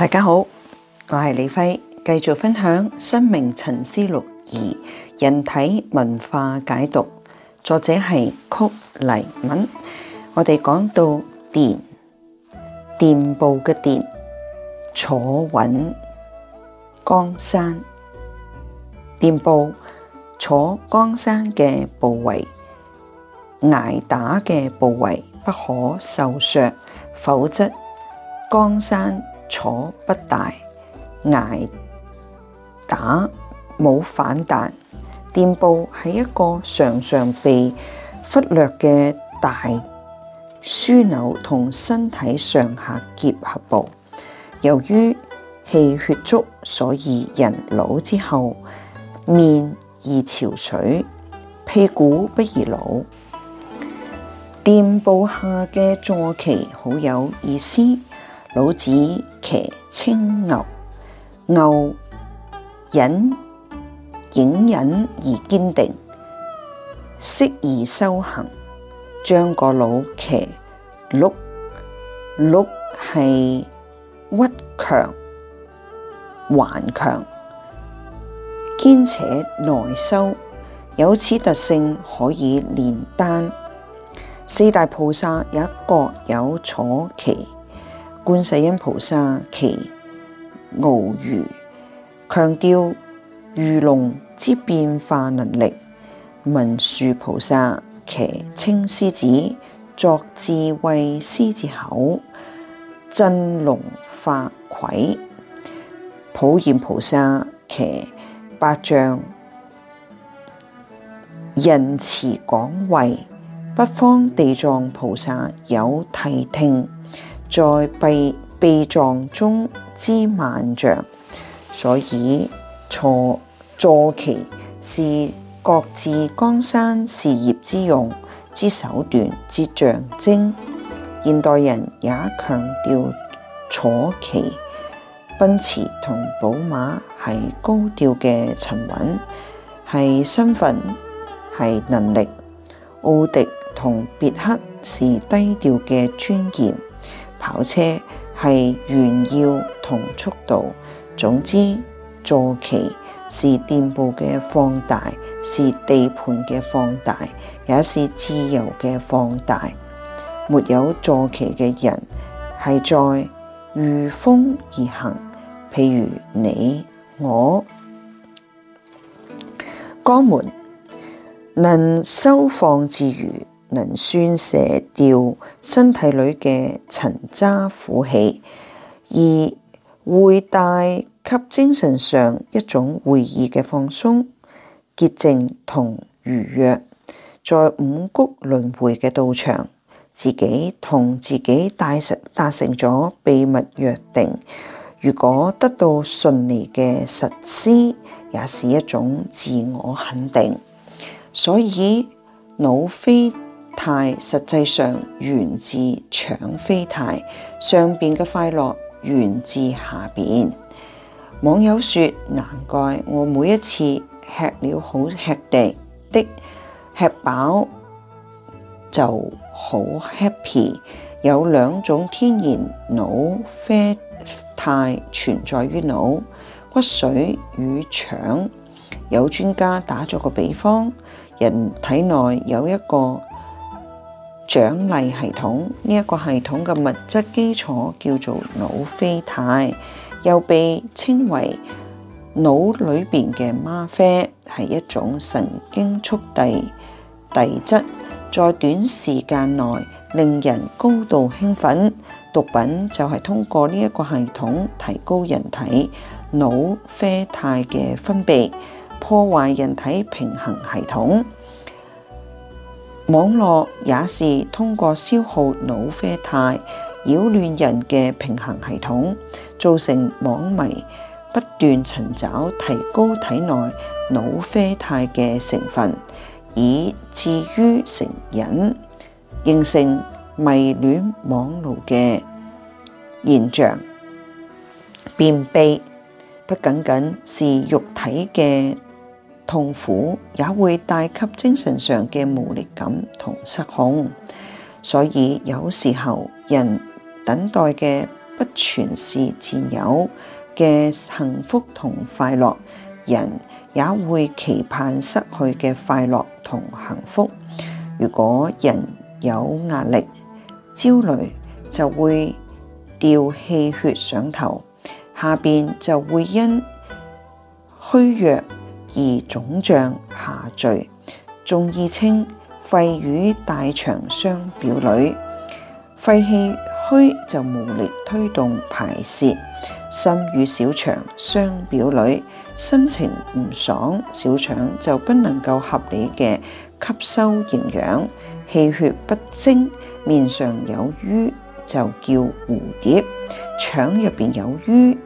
.大家好，我係李輝，繼續分享《生命沉思錄二：人體文化解讀》，作者係曲黎敏。我哋講到臀臀部嘅臀坐穩江山，臀部坐江山嘅部位，挨打嘅部位，不可受削，否則江山。坐不大，挨打冇反彈。臀部係一個常常被忽略嘅大樞紐同身體上下結合部。由於氣血足，所以人老之後面易潮水，屁股不易老。臀部下嘅坐騎好有意思，老子。騎青牛，牛隱隱忍而堅定，適宜修行。將個老騎碌碌係屈強頑強，兼且內收。有此特性，可以煉丹。四大菩薩也各有坐騎。觀世音菩薩騎鰲魚，強調魚龍之變化能力。文殊菩薩騎青獅子，作智慧獅子口，真龍化鬼。普賢菩薩騎白象，仁慈廣惠。北方地藏菩薩有諦聽。在被被撞中之萬象，所以坐坐騎是各自江山事業之用之手段之象徵。現代人也強調，坐騎、奔馳同寶馬係高調嘅沉穩，係身份係能力；奧迪同別克是低調嘅尊嚴。跑車係炫耀，同速度，總之坐騎是店鋪嘅放大，是地盤嘅放大，也是自由嘅放大。沒有坐騎嘅人係在御風而行，譬如你我哥們，能收放自如。能宣洩掉身體裏嘅陳渣腐氣，而會帶給精神上一種回憶嘅放鬆、潔淨同愉悅。在五穀輪迴嘅道場，自己同自己達成達成咗秘密約定，如果得到順利嘅實施，也是一種自我肯定。所以腦非。肽實際上源自腸啡肽，上邊嘅快樂源自下邊。網友說：難怪我每一次吃了好吃的，的吃飽就好 happy。有兩種天然腦啡肽存在於腦、骨髓與腸。有專家打咗個比方，人體內有一個。獎勵系統，呢一個系統嘅物質基礎叫做腦啡肽，又被稱為腦裏邊嘅嗎啡，係一種神經速遞遞質，在短時間內令人高度興奮。毒品就係通過呢一個系統提高人體腦啡肽嘅分泌，破壞人體平衡系統。網絡也是通過消耗腦啡肽，擾亂人嘅平衡系統，造成網迷不斷尋找提高體內腦啡肽嘅成分，以至於成癮，形成迷戀網路嘅現象。便秘不僅僅是肉體嘅。痛苦也會帶給精神上嘅無力感同失控，所以有時候人等待嘅不全是佔有嘅幸福同快樂，人也會期盼失去嘅快樂同幸福。如果人有壓力、焦慮，就會掉氣血上頭，下邊就會因虛弱。而腫脹下墜，中醫稱肺與大腸相表裏，肺氣虛就無力推動排泄；心與小腸相表裏，心情唔爽，小腸就不能夠合理嘅吸收營養，氣血不精，面上有瘀就叫蝴蝶，腸入邊有瘀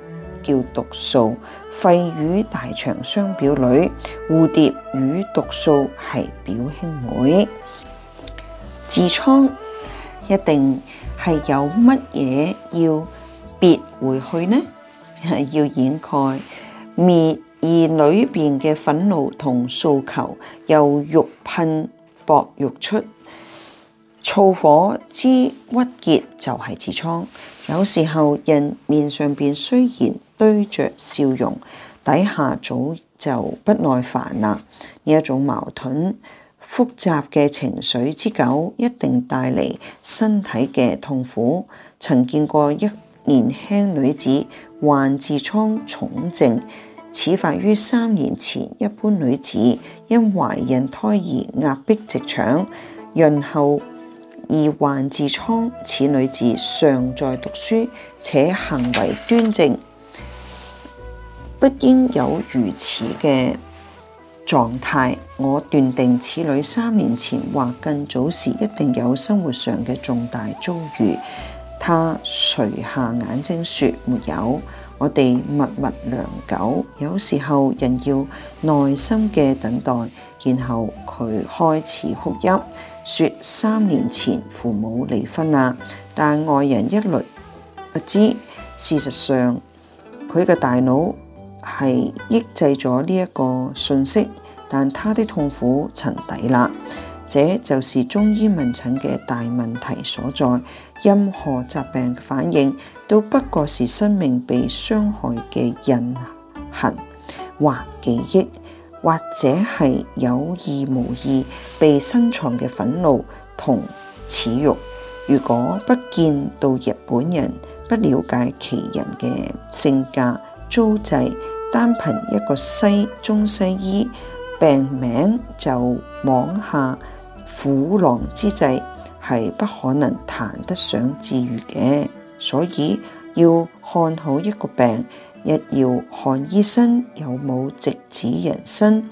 叫毒素。肺與大腸相表裏，蝴蝶與毒素係表兄妹。痔瘡一定係有乜嘢要別回去呢？ 要掩蓋滅而裏邊嘅憤怒同訴求又欲噴薄欲出，燥火之鬱結就係痔瘡。有時候人面上面雖然堆着笑容，底下早就不耐煩啦。呢一種矛盾複雜嘅情緒之久，一定帶嚟身體嘅痛苦。曾見過一年輕女子患痔瘡重症，始發於三年前，一般女子因懷孕胎兒壓迫直腸，孕後，而患痔瘡，此女子尚在讀書，且行為端正，不應有如此嘅狀態。我斷定此女三年前或更早時一定有生活上嘅重大遭遇。她垂下眼睛說：沒有。我哋默默良久，有時候人要耐心嘅等待。然後佢開始哭泣。說三年前父母離婚啦，但外人一律不知。事實上，佢嘅大腦係抑制咗呢一個信息，但他的痛苦沉底啦。這就是中醫問診嘅大問題所在。任何疾病嘅反應都不過是生命被傷害嘅印痕或記憶。或者係有意無意被深藏嘅憤怒同恥辱。如果不見到日本人，不了解其人嘅性格、遭際，單憑一個西中西醫病名就妄下虎狼之劑，係不可能談得上治愈嘅。所以要看好一個病。一要看醫生有冇直指人生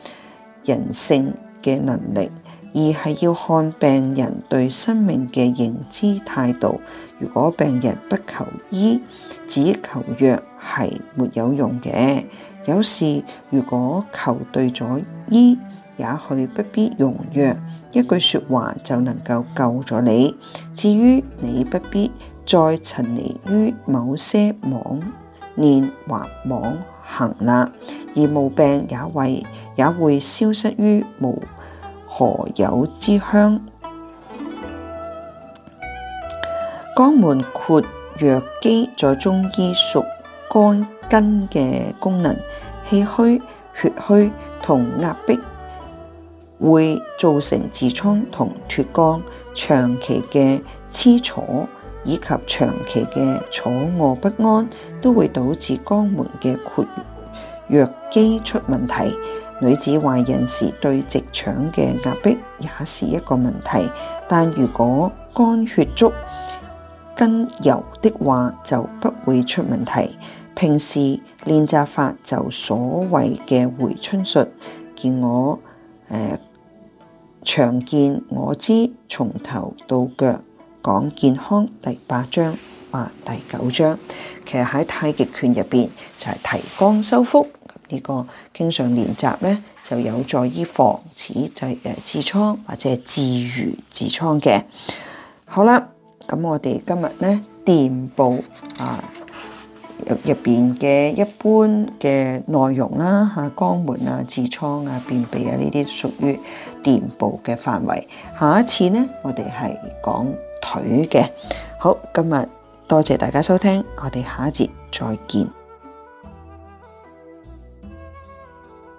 人性嘅能力，二係要看病人對生命嘅認知態度。如果病人不求醫，只求藥，係沒有用嘅。有時如果求對咗醫，也許不必用藥，一句説話就能夠救咗你。至於你不必再沉迷於某些網。念或妄行啦，而無病也為也會消失於無何有之鄉。肛門括約肌在中醫屬肝根嘅功能，氣虛、血虛同壓迫會造成痔瘡同脫肛，長期嘅痴楚。以及長期嘅坐卧不安都會導致肛門嘅括約肌出問題。女子懷孕時對直腸嘅壓迫也是一個問題。但如果肝血足、筋柔的話，就不會出問題。平時練習法就所謂嘅回春術，見我誒、呃、常見，我知從頭到腳。講健康第八章或、啊、第九章，其實喺太極拳入邊就係提肛收腹呢個經常練習咧，就有助於防止嘅、呃、痔瘡或者治愈痔瘡嘅。好啦，咁我哋今日咧電報啊入入邊嘅一般嘅內容啦，吓、啊、肛門啊、痔瘡啊、便秘啊呢啲屬於電報嘅範圍。下一次咧，我哋係講。腿嘅好，今日多謝大家收聽，我哋下一節再見。